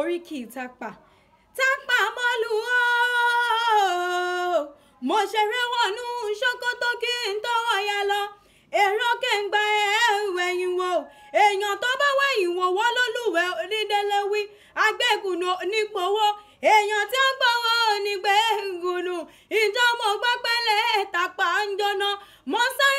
oríkì ìtàpá tápà mọ́lù ó mo ṣeré wọnú ṣòkòtò kí n tọwọ́ ya lọ èrò kẹ́ńgbà ẹ̀wẹ̀yìn wo èèyàn tó bá wẹ̀yìn wò wọ́n lólùwẹ̀ onídẹ́lẹ́wí agbẹ́kùnú nípòwó èèyàn tí ó gbọ́wọ́ onígbẹ́gùnù ìjọ mo gbọ́ pẹ́lẹ́ ẹ̀tàpá ń jóná mọ́sá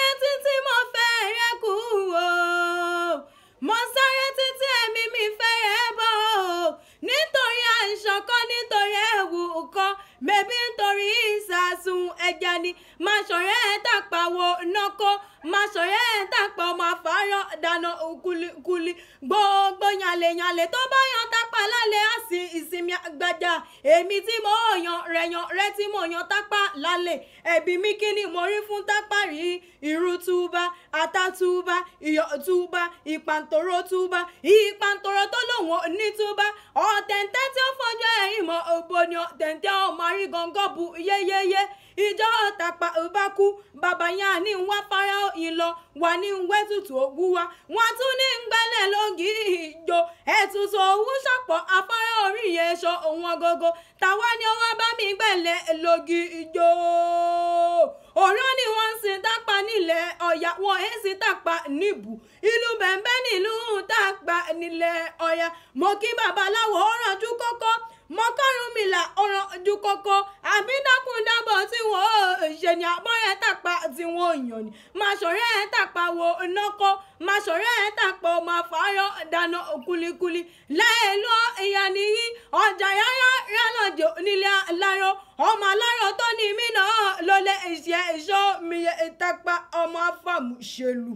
bèbí nítorí ìsàsùn ẹja ni máa ṣọ̀rẹ́ ẹ̀ tàpáwo nọ́kó máa ṣọ̀rẹ́ ẹ̀ tàpá ọmọ àfárọ̀ dáná kulikuli gbogbo yànlẹ̀yànlẹ̀ tó bá yan tápá lálẹ́ àsì ìsinmi àgbàjà èmi tí mo yan rẹ̀yàn rẹ̀ tí mo yan tápá lálẹ́ ẹ̀bí mi kí ni mo rí fún tápá rí irú túbá àtàtúbá ìyọ̀ túbá ìpàntòrò túbá ìpàntòrò tó lòun ní túbá ọ̀tẹ̀ǹtẹ̀ tí ó fọjọ́ ẹ̀yìn mọ́ òbò ni ọ̀tẹ̀ǹtẹ̀ ọ parí gọ́ngọ́ bu yéyéyé ìjọ tàpá bá kú bàbá yẹn àní ń wá fara ìlọ wà ní wẹ́tùtù òwú wa wọ́n tún ní gbẹ́lẹ̀ lógi ìjọ ẹ̀tùtù òwú ṣọ̀pọ̀ afárá orí yẹn ṣọ òun ọgógó tàwa ni ó wá bá mi gbẹ̀lẹ̀ lógi ìjọ ọ̀rọ̀ ni wọ́n ń sin tápá nílẹ̀ ọ̀yà wọ́n ń sin tápá níbù ìlú bẹ̀ńbẹ́ nílùú tápá nílẹ̀ ọ̀yà mo kí babaláwo ó rànjú kókó mọ́kànrúnmìlà ọ̀ràn dúkọ́kọ́ àbí dákúndábọ̀ tí wọ́n ò ṣe ni àbọ̀rẹ́ tàpá tí wọ́n ò yàn ni màṣọ̀rẹ́ ẹ̀ tàpá wo nọ́kọ́ màṣọ̀rẹ́ ẹ̀ tàpá ọmọ àfàárọ̀ dáná kulikuli láìlọ́ ìyá nìyí ọjà yáyá rálọ̀dẹ̀ onílé aláró ọmọ aláró tó ní mí náà lọ́lẹ̀ ìṣẹ́ ìṣọ́ mi tàpá ọmọ afàmùṣèlú.